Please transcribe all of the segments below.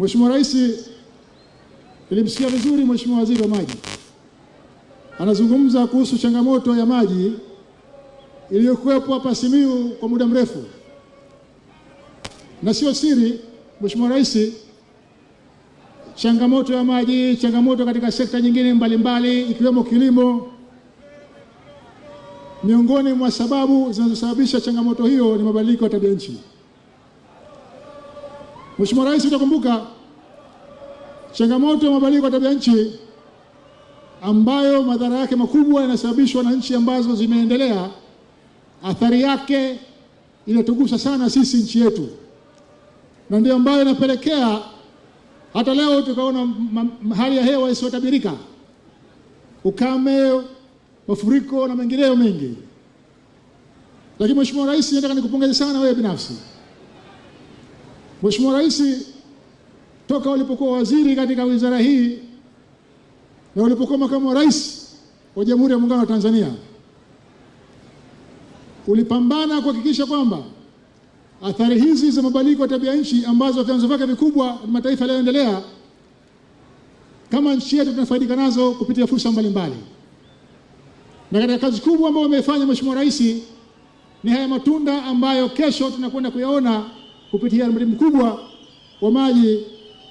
Mheshimiwa Rais, nilimsikia vizuri Mheshimiwa Waziri wa Maji anazungumza kuhusu changamoto ya maji iliyokuwepo hapa Simiyu kwa muda mrefu, na sio siri Mheshimiwa Rais, changamoto ya maji, changamoto katika sekta nyingine mbalimbali ikiwemo kilimo. Miongoni mwa sababu zinazosababisha changamoto hiyo ni mabadiliko ya tabia nchi. Mheshimiwa Rais, utakumbuka changamoto ya mabadiliko ya tabia nchi ambayo madhara yake makubwa yanasababishwa na nchi ambazo zimeendelea. Athari yake inatugusa sana sisi nchi yetu, na ndio ambayo inapelekea hata leo tukaona hali ya hewa isiyotabirika, ukame, mafuriko na mengineyo mengi. Lakini Mheshimiwa Rais, nataka nikupongeze sana wewe binafsi Mheshimiwa Rais toka ulipokuwa waziri katika wizara hii na ulipokuwa makamu wa rais wa Jamhuri ya Muungano wa Tanzania ulipambana kuhakikisha kwamba athari hizi za mabadiliko ya tabia nchi ambazo vyanzo vyake vikubwa ni mataifa yanayoendelea kama nchi yetu tunafaidika nazo kupitia fursa mbalimbali, na katika kazi kubwa ambayo umeifanya Mheshimiwa Rais ni haya matunda ambayo kesho tunakwenda kuyaona kupitia mradi mkubwa wa maji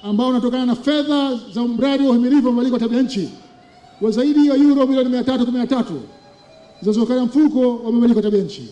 ambao unatokana na fedha za mradi wa uhimilivu wa mabadiliko ya tabia nchi wa zaidi ya euro milioni mia tatu kumi na tatu zinazotokana na mfuko wa mabadiliko ya tabia nchi.